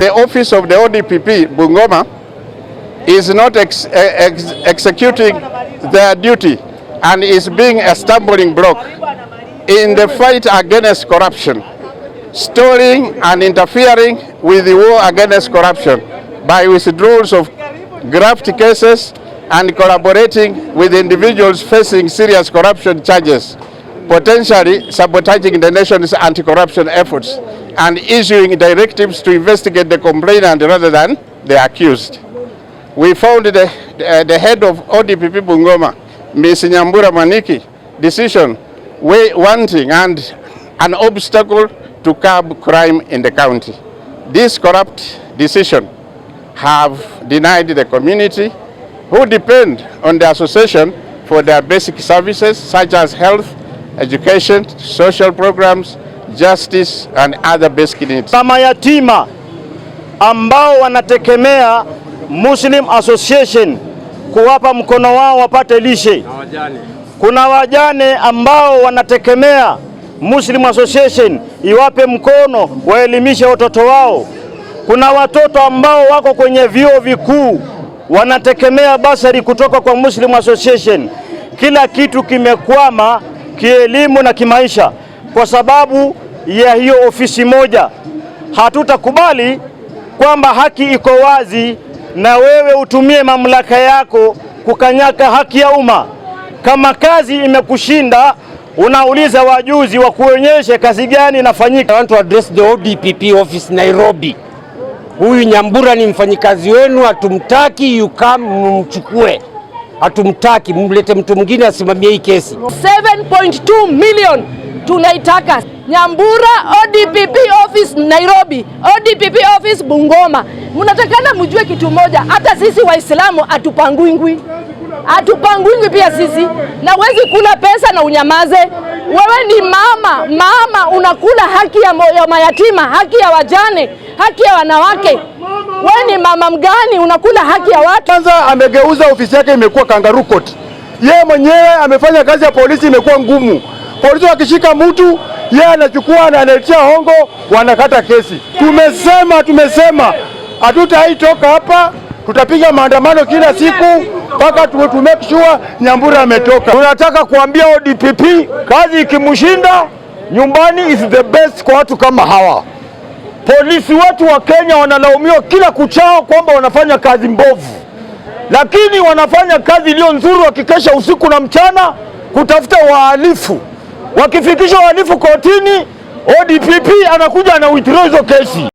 The office of the ODPP Bungoma is not ex e, ex executing their duty and is being a stumbling block in the fight against corruption, stalling and interfering with the war against corruption by withdrawals of graft cases and collaborating with individuals facing serious corruption charges, potentially sabotaging the nation's anti-corruption efforts and issuing directives to investigate the complainant rather than the accused. We found the, uh, the head of ODPP Bungoma, Ms. Nyambura Maniki, decision way wanting and an obstacle to curb crime in the county. This corrupt decision have denied the community who depend on the association for their basic services such as health, education, social programs, justice and other basic needs. Kama yatima ambao wanategemea Muslim Association kuwapa mkono wao wapate lishe. Kuna wajane ambao wanategemea Muslim Association iwape mkono waelimishe watoto wao. Kuna watoto ambao wako kwenye vyuo vikuu wanategemea basari kutoka kwa Muslim Association. Kila kitu kimekwama kielimu na kimaisha kwa sababu ya hiyo ofisi moja. Hatutakubali kwamba haki iko wazi na wewe utumie mamlaka yako kukanyaka haki ya umma. Kama kazi imekushinda unauliza wajuzi wa kuonyesha kazi gani inafanyika. I want to address the ODPP office Nairobi. Huyu Nyambura ni mfanyikazi wenu, hatumtaki. You come mchukue, hatumtaki. Mlete mtu mwingine asimamie hii kesi. 7.2 million tunaitaka Nyambura ODPP office Nairobi, ODPP office Bungoma. Mnatakana mjue kitu moja, hata sisi Waislamu atupangwingwi hatupangwingwi pia sisi, na wezi kula pesa na unyamaze. Wewe ni mama, mama unakula haki ya mayatima, haki ya wajane, haki ya wanawake. Wewe ni mama mgani unakula haki ya watu? Kwanza amegeuza ofisi yake imekuwa kangaroo court, yeye mwenyewe amefanya kazi ya polisi imekuwa ngumu Polisi wakishika mtu yeye anachukua na analetea hongo, wanakata kesi. Tumesema tumesema toka hapa, tutapiga maandamano kila siku mpaka tumake sure Nyambura ametoka. Tunataka kuambia ODPP kazi ikimshinda nyumbani is the best kwa watu kama hawa. Polisi wetu wa Kenya wanalaumiwa kila kuchao kwamba wanafanya kazi mbovu, lakini wanafanya kazi iliyo nzuri, wakikesha usiku na mchana kutafuta wahalifu wakifikisha uhalifu kotini, ODPP anakuja na withdraw hizo kesi.